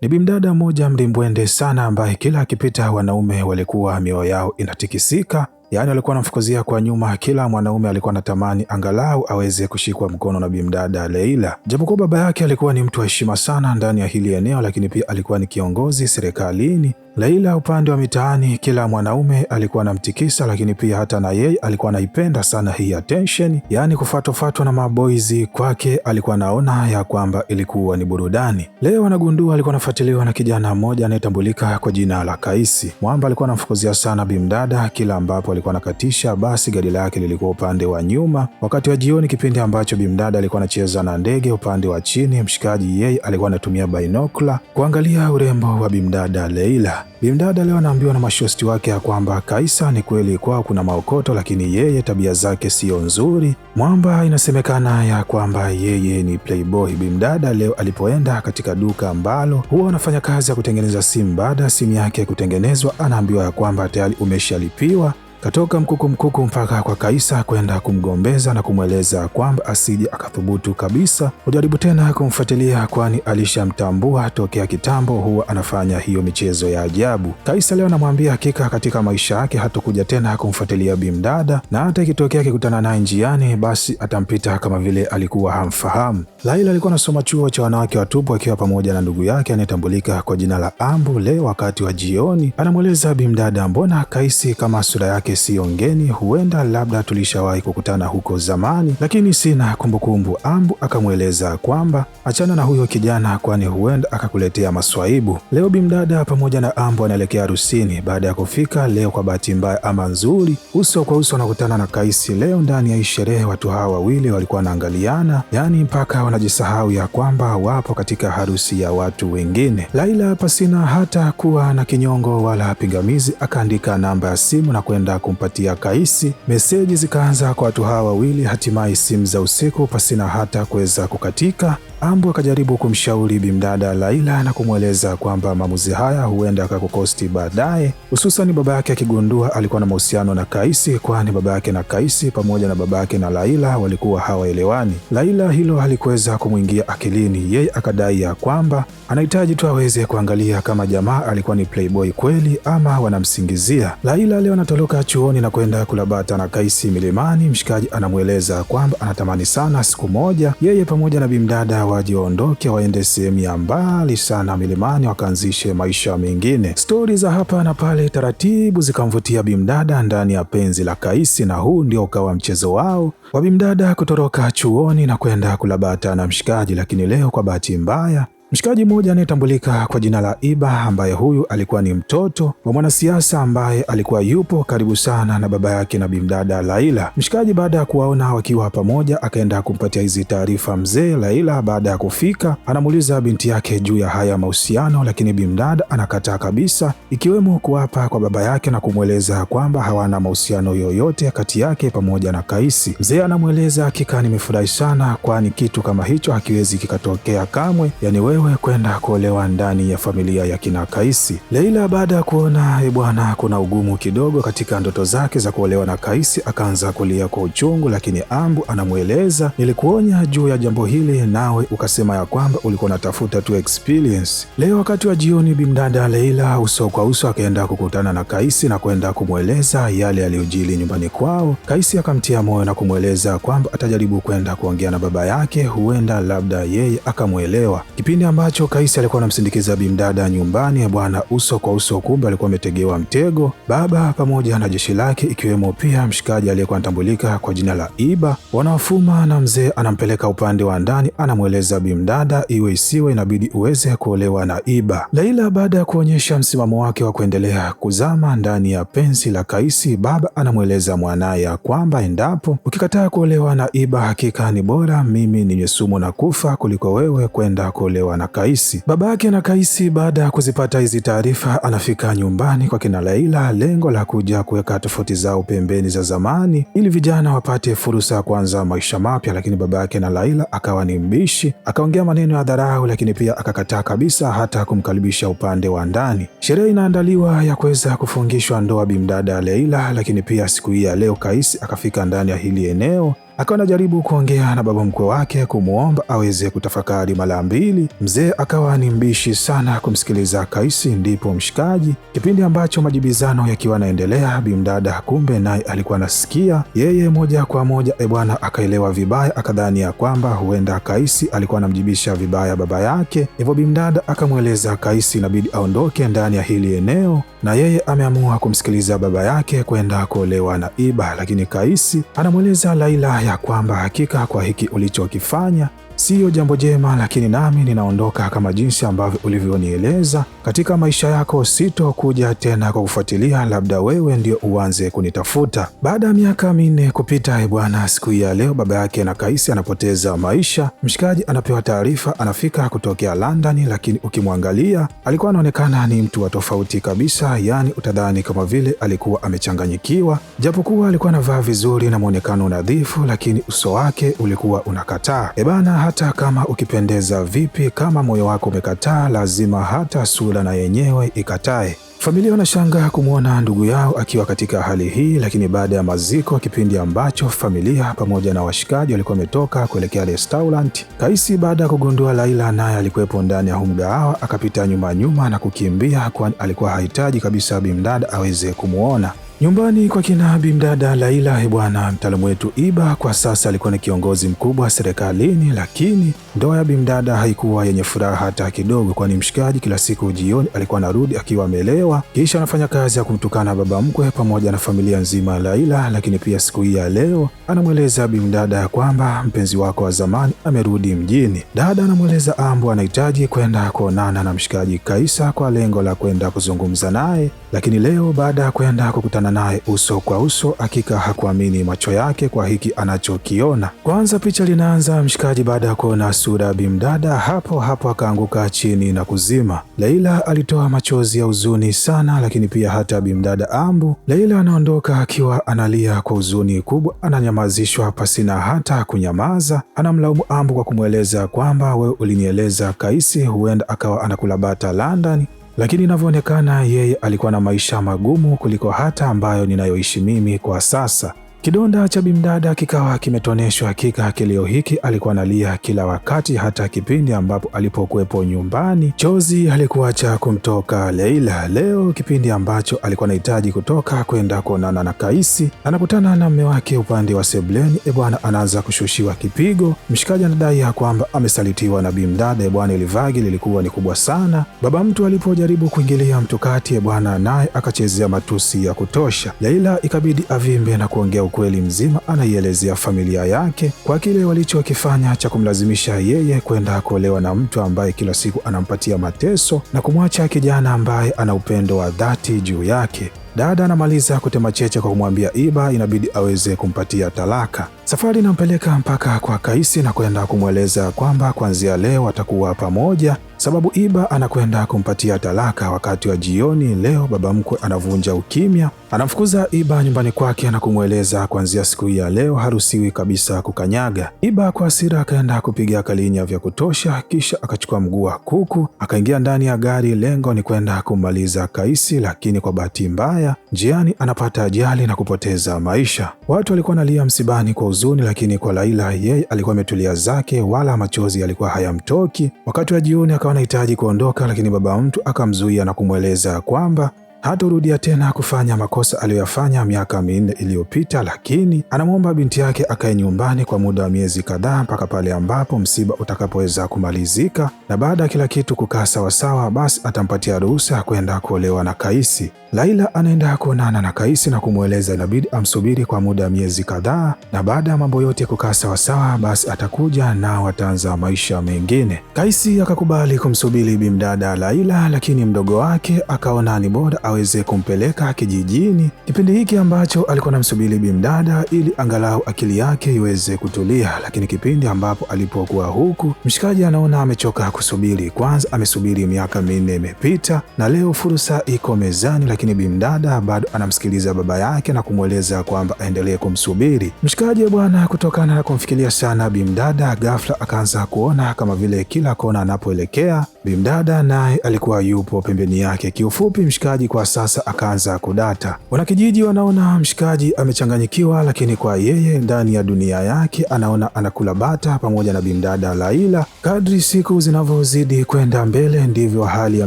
Ni bimdada mmoja mlimbwende sana ambaye kila akipita wanaume walikuwa mioyo yao inatikisika Yaani walikuwa anamfukuzia kwa nyuma. Kila mwanaume alikuwa anatamani angalau aweze kushikwa mkono na bimdada Leila. Japokuwa baba yake alikuwa ni mtu wa heshima sana ndani ya hili eneo, lakini pia alikuwa ni kiongozi serikalini. Leila upande wa mitaani, kila mwanaume alikuwa anamtikisa, lakini pia hata na yeye alikuwa anaipenda sana hii attention, yaani kufatwafatwa na maboizi kwake alikuwa anaona ya kwamba ilikuwa ni burudani. Leo anagundua alikuwa anafuatiliwa na kijana mmoja anayetambulika kwa jina la Kaisi. Mwamba alikuwa anamfukuzia sana bimdada kila ambapo alikuwa anakatisha basi gari lake lilikuwa upande wa nyuma. Wakati wa jioni, kipindi ambacho bimdada alikuwa anacheza na ndege upande wa chini, mshikaji yeye alikuwa anatumia binokla kuangalia urembo wa bimdada Leila. Bimdada leo anaambiwa na mashosti wake ya kwamba Kaisa ni kweli kwao kuna maokoto, lakini yeye tabia zake siyo nzuri. Mwamba inasemekana ya kwamba yeye ni playboy. Bimdada leo alipoenda katika duka ambalo huwa anafanya kazi ya kutengeneza simu, baada ya simu yake kutengenezwa, anaambiwa ya kwamba tayari umeshalipiwa Katoka mkukumkuku mpaka kwa Kaisa kwenda kumgombeza na kumweleza kwamba asije akathubutu kabisa kujaribu tena kumfuatilia, kwani alishamtambua tokea kitambo, huwa anafanya hiyo michezo ya ajabu. Kaisa leo anamwambia hakika katika maisha yake hatokuja tena kumfuatilia Bimdada, na hata ikitokea akikutana naye njiani, basi atampita kama vile alikuwa hamfahamu. Laila alikuwa anasoma chuo cha wanawake watupu akiwa pamoja na ndugu yake anayetambulika kwa jina la Ambu. Leo wakati wa jioni, anamweleza Bimdada mbona Kaisi kama sura yake yake siyo ngeni, huenda labda tulishawahi kukutana huko zamani, lakini sina kumbukumbu. Ambu akamweleza kwamba achana na huyo kijana, kwani huenda akakuletea maswaibu. Leo bimdada pamoja na Ambu anaelekea harusini. Baada ya kufika leo, kwa bahati mbaya ama nzuri, uso kwa uso anakutana na Kaisi leo ndani ya hii sherehe. Watu hawa wawili walikuwa wanaangaliana, yaani mpaka wanajisahau ya kwamba wapo katika harusi ya watu wengine. Laila pasina hata kuwa na kinyongo wala pingamizi akaandika namba ya simu na kwenda kumpatia Kaisi. Meseji zikaanza kwa watu hawa wawili, hatimaye simu za usiku pasina hata kuweza kukatika. Ambu akajaribu kumshauri bimdada Laila na kumweleza kwamba maamuzi haya huenda akakukosti baadaye, hususani baba yake akigundua alikuwa na mahusiano na Kaisi, kwani baba yake na Kaisi pamoja na baba yake na Laila walikuwa hawaelewani. Laila hilo halikuweza kumwingia akilini, yeye akadai ya kwamba anahitaji tu aweze kuangalia kama jamaa alikuwa ni playboy kweli ama wanamsingizia. Laila leo anatoroka chuoni na kwenda kulabata na Kaisi milimani. Mshikaji anamweleza kwamba anatamani sana siku moja yeye pamoja na bimdada waje waondoke waende sehemu ya mbali sana milimani wakaanzishe maisha mengine. Stori za hapa na pale taratibu zikamvutia bimdada ndani ya penzi la Kaisi, na huu ndio ukawa mchezo wao wa bimdada kutoroka chuoni na kwenda kulabata na mshikaji, lakini leo kwa bahati mbaya Mshikaji mmoja anayetambulika kwa jina la Iba, ambaye huyu alikuwa ni mtoto wa mwanasiasa ambaye alikuwa yupo karibu sana na baba yake na bimdada Laila. Mshikaji baada ya kuwaona wakiwa pamoja, akaenda kumpatia hizi taarifa mzee Laila. Baada ya kufika, anamuuliza binti yake juu ya haya mahusiano, lakini bimdada anakataa kabisa, ikiwemo kuapa kwa baba yake na kumweleza kwamba hawana mahusiano yoyote kati yake pamoja na Kaisi. Mzee anamweleza hakika, nimefurahi sana, kwani kitu kama hicho hakiwezi kikatokea kamwe, yani wewe wewe kwenda kuolewa ndani ya familia ya kina Kaisi. Leila baada ya kuona e bwana, kuna ugumu kidogo katika ndoto zake za kuolewa na Kaisi, akaanza kulia kwa uchungu, lakini Ambu anamweleza nilikuonya juu ya jambo hili, nawe ukasema ya kwamba ulikuwa unatafuta tu experience. Leo wakati wa jioni, bimdada Leila uso kwa uso akaenda kukutana na Kaisi na kwenda kumweleza yale yaliyojili nyumbani kwao. Kaisi akamtia moyo na kumweleza kwamba atajaribu kwenda kuongea na baba yake, huenda labda yeye akamwelewa. Kipindi ambacho Kaisi alikuwa anamsindikiza bimdada nyumbani bwana, uso kwa uso, kumbe alikuwa ametegewa mtego baba pamoja na jeshi lake, ikiwemo pia mshikaji aliyekuwa anatambulika kwa jina la Iba. Wanaofuma na mzee anampeleka upande wa ndani, anamweleza bimdada iwe isiwe inabidi uweze kuolewa na Iba. Laila baada ya kuonyesha msimamo wake wa kuendelea kuzama ndani ya pensi la Kaisi, baba anamweleza mwanaye kwamba endapo ukikataa kuolewa na Iba, hakika ni bora mimi ninywe sumu na kufa kuliko wewe kwenda kuolewa na Kaisi. Baba yake na Kaisi, baada ya kuzipata hizi taarifa, anafika nyumbani kwa kina Laila, lengo la kuja kuweka tofauti zao pembeni za zamani, ili vijana wapate fursa ya kuanza maisha mapya. Lakini baba yake na Laila akawa ni mbishi, akaongea maneno ya dharau, lakini pia akakataa kabisa hata kumkaribisha upande wa ndani. Sherehe inaandaliwa ya kuweza kufungishwa ndoa bimdada laila lakini pia siku hii ya leo Kaisi akafika ndani ya hili eneo Akawa anajaribu kuongea na baba mkwe wake kumwomba aweze kutafakari mara mbili. Mzee akawa ni mbishi sana kumsikiliza Kaisi. Ndipo mshikaji, kipindi ambacho majibizano yakiwa yanaendelea, bimdada kumbe naye alikuwa anasikia yeye moja kwa moja. Ebwana eh akaelewa vibaya, akadhani ya kwamba huenda Kaisi alikuwa anamjibisha vibaya baba yake, hivyo bimdada akamweleza Kaisi inabidi aondoke ndani ya hili eneo, na yeye ameamua kumsikiliza baba yake kwenda kuolewa na Iba, lakini Kaisi anamweleza Laila ya kwamba hakika kwa hiki ulichokifanya siyo jambo jema, lakini nami ninaondoka kama jinsi ambavyo ulivyonieleza. Katika maisha yako sitokuja tena kwa kufuatilia, labda wewe ndio uanze kunitafuta. Baada ya miaka minne kupita, e bwana, siku ya leo baba yake na Kaisi anapoteza maisha. Mshikaji anapewa taarifa, anafika kutokea London, lakini ukimwangalia alikuwa anaonekana ni mtu wa tofauti kabisa, yaani utadhani kama vile alikuwa amechanganyikiwa, japokuwa alikuwa anavaa vizuri na mwonekano nadhifu, lakini uso wake ulikuwa unakataa. E eh bana, hata kama ukipendeza vipi, kama moyo wako umekataa, lazima hata sura na yenyewe ikatae. Familia wanashangaa kumwona ndugu yao akiwa katika hali hii, lakini baada ya maziko, kipindi ambacho familia pamoja na washikaji walikuwa wametoka kuelekea restaurant, Kaisi baada ya kugundua Laila naye alikuwepo ndani ya huu mgahawa, akapita nyuma nyuma na kukimbia, kwani alikuwa hahitaji kabisa Bimdada aweze kumwona. Nyumbani kwa kina bimdada Laila bwana mtaalamu wetu Iba kwa sasa alikuwa ni kiongozi mkubwa serikalini, lakini ndoa ya bimdada haikuwa yenye furaha hata kidogo, kwani mshikaji kila siku jioni alikuwa anarudi akiwa amelewa, kisha anafanya kazi ya kumtukana baba mkwe pamoja na familia nzima ya Laila. Lakini pia siku hii ya leo anamweleza bimdada ya kwamba mpenzi wako wa zamani amerudi mjini. Dada anamweleza Ambo anahitaji kwenda kuonana na mshikaji Kaisa kwa lengo la kwenda kuzungumza naye, lakini leo baada ya kwenda kukutana kukutana naye uso kwa uso, hakika hakuamini macho yake kwa hiki anachokiona. Kwanza picha linaanza mshikaji, baada ya kuona sura ya bimdada, hapo hapo akaanguka chini na kuzima. Leila alitoa machozi ya huzuni sana, lakini pia hata bimdada Ambu. Leila anaondoka akiwa analia kwa huzuni kubwa, ananyamazishwa pasina hata kunyamaza. Anamlaumu Ambu kwa kumweleza kwamba wewe ulinieleza Kaisi huenda akawa anakulabata London lakini inavyoonekana yeye alikuwa na maisha magumu kuliko hata ambayo ninayoishi mimi kwa sasa. Kidonda cha bimdada kikawa kimetoneshwa. Hakika kilio hiki alikuwa analia kila wakati, hata kipindi ambapo alipokuwepo nyumbani chozi alikuwa cha kumtoka Leila. Leo kipindi ambacho alikuwa anahitaji kutoka kwenda kuonana na Kaisi, anakutana na mme wake upande wa sebleni. Ebwana, anaanza kushushiwa kipigo. Mshikaji anadai ya kwamba amesalitiwa na bimdada. Ebwana, ilivagi lilikuwa ni kubwa sana. Baba mtu alipojaribu kuingilia mtu kati, ebwana, naye akachezea matusi ya kutosha. Leila ikabidi avimbe na kuongea ukweli mzima anaielezea familia yake kwa kile walichokifanya cha kumlazimisha yeye kwenda kuolewa na mtu ambaye kila siku anampatia mateso na kumwacha kijana ambaye ana upendo wa dhati juu yake. Dada anamaliza kutema cheche kwa kumwambia Iba inabidi aweze kumpatia talaka. Safari inampeleka mpaka kwa Kaisi na kwenda kumweleza kwamba kuanzia leo atakuwa pamoja sababu Iba anakwenda kumpatia talaka. Wakati wa jioni leo, baba mkwe anavunja ukimya, anamfukuza Iba nyumbani kwake na kumweleza kuanzia siku hii ya leo haruhusiwi kabisa kukanyaga. Iba kwa hasira akaenda kupiga kalinya vya kutosha, kisha akachukua mguu wa kuku akaingia ndani ya gari. Lengo ni kwenda kummaliza Kaisi, lakini kwa bahati mbaya njiani anapata ajali na kupoteza maisha. Watu walikuwa nalia msibani kwa huzuni, lakini kwa Laila yeye alikuwa ametulia zake, wala machozi yalikuwa hayamtoki. Wakati wa jioni akawa anahitaji kuondoka, lakini baba mtu akamzuia na kumweleza kwamba hatorudia tena kufanya makosa aliyoyafanya miaka minne iliyopita, lakini anamwomba binti yake akae nyumbani kwa muda wa miezi kadhaa mpaka pale ambapo msiba utakapoweza kumalizika, na baada ya kila kitu kukaa sawasawa, basi atampatia ruhusa ya kwenda kuolewa na Kaisi. Laila anaenda kuonana na Kaisi na kumweleza inabidi amsubiri kwa muda wa miezi kadhaa, na baada ya mambo yote kukaa sawasawa, basi atakuja na wataanza maisha mengine. Kaisi akakubali kumsubiri bimdada Laila, lakini mdogo wake akaona ni bora aweze kumpeleka kijijini, kipindi hiki ambacho alikuwa anamsubiri bimdada ili angalau akili yake iweze kutulia. Lakini kipindi ambapo alipokuwa huku, mshikaji anaona amechoka kusubiri. Kwanza amesubiri miaka minne imepita, na leo fursa iko mezani, lakini bimdada bado anamsikiliza baba yake na kumweleza kwamba aendelee kumsubiri mshikaji bwana. Kutokana na kumfikiria sana bimdada, ghafla akaanza kuona kama vile kila kona anapoelekea Bimdada naye alikuwa yupo pembeni yake. Kiufupi, mshikaji kwa sasa akaanza kudata. Wanakijiji wanaona mshikaji amechanganyikiwa, lakini kwa yeye ndani ya dunia yake anaona anakula bata pamoja na bimdada Laila. Kadri siku zinavyozidi kwenda mbele, ndivyo hali ya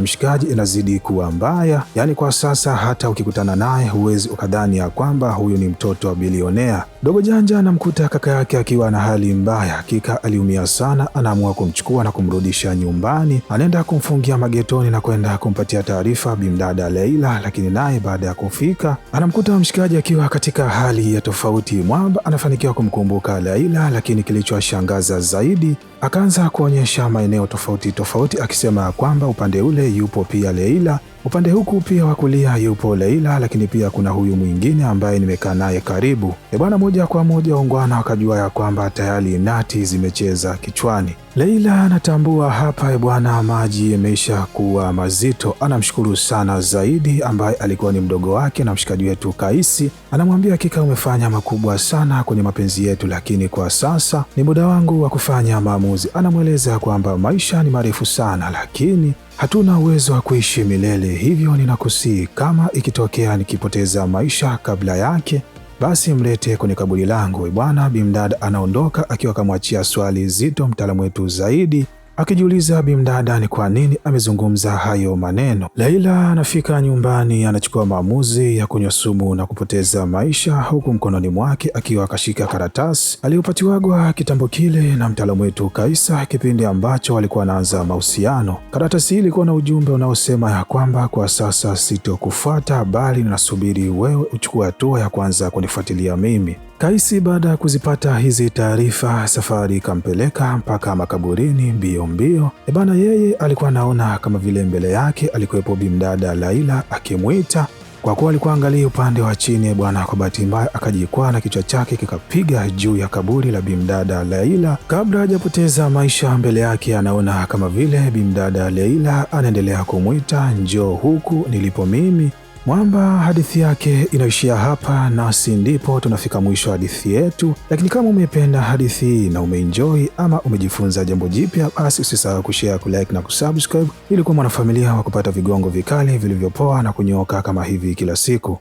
mshikaji inazidi kuwa mbaya, yaani kwa sasa hata ukikutana naye huwezi ukadhani ya kwamba huyu ni mtoto wa bilionea. Dogo Janja anamkuta kaka yake akiwa na hali mbaya, hakika aliumia sana, anaamua kumchukua na kumrudisha nyumbani alienda kumfungia magetoni na kwenda kumpatia taarifa bimdada Leila, lakini naye baada ya kufika anamkuta mshikaji akiwa katika hali ya tofauti. mwamba anafanikiwa kumkumbuka Leila, lakini kilichowashangaza zaidi akaanza kuonyesha maeneo tofauti tofauti akisema kwamba upande ule yupo pia Leila, upande huku pia wa kulia yupo Leila, lakini pia kuna huyu mwingine ambaye nimekaa naye karibu. E bwana, moja kwa moja ungwana wakajua ya kwamba tayari nati zimecheza kichwani. Leila anatambua hapa eh, bwana, maji yameisha kuwa mazito. Anamshukuru sana Zaidi ambaye alikuwa ni mdogo wake na mshikaji wetu Kaisi. Anamwambia hakika umefanya makubwa sana kwenye mapenzi yetu, lakini kwa sasa ni muda wangu wa kufanya maamuzi. Anamweleza kwamba maisha ni marefu sana, lakini hatuna uwezo wa kuishi milele, hivyo ninakusii kama ikitokea nikipoteza maisha kabla yake basi mlete kwenye kaburi langu. Bwana Bimdad anaondoka akiwa akamwachia swali zito mtaalamu wetu zaidi akijiuliza bimdada ni kwa nini amezungumza hayo maneno. Laila anafika nyumbani, anachukua maamuzi ya kunywa sumu na kupoteza maisha, huku mkononi mwake akiwa akashika karatasi aliyopatiwagwa kitambo kile na mtaalamu wetu Kaisa, kipindi ambacho alikuwa anaanza mahusiano. Karatasi hii ilikuwa na ujumbe unaosema ya kwamba kwa sasa sitokufuata, bali ninasubiri wewe uchukue hatua ya kwanza kunifuatilia mimi. Kaisi baada ya kuzipata hizi taarifa, safari ikampeleka mpaka makaburini mbio mbio. E bana, yeye alikuwa anaona kama vile mbele yake alikuwepo bimdada Laila akimwita. Kwa kuwa alikuwa angalia upande wa chini e bwana, kwa bahati mbaya akajikwaa na kichwa chake kikapiga juu ya kaburi la bimdada Laila. Kabla hajapoteza maisha, mbele yake anaona kama vile bimdada Laila anaendelea kumwita, njoo huku nilipo mimi Mwamba hadithi yake inaishia hapa, nasi ndipo tunafika mwisho wa hadithi yetu. Lakini kama umependa hadithi hii na umeenjoy ama umejifunza jambo jipya, basi usisahau kushare, kulike na kusubscribe ili kuwa mwanafamilia wa kupata vigongo vikali vilivyopoa na kunyoka kama hivi kila siku.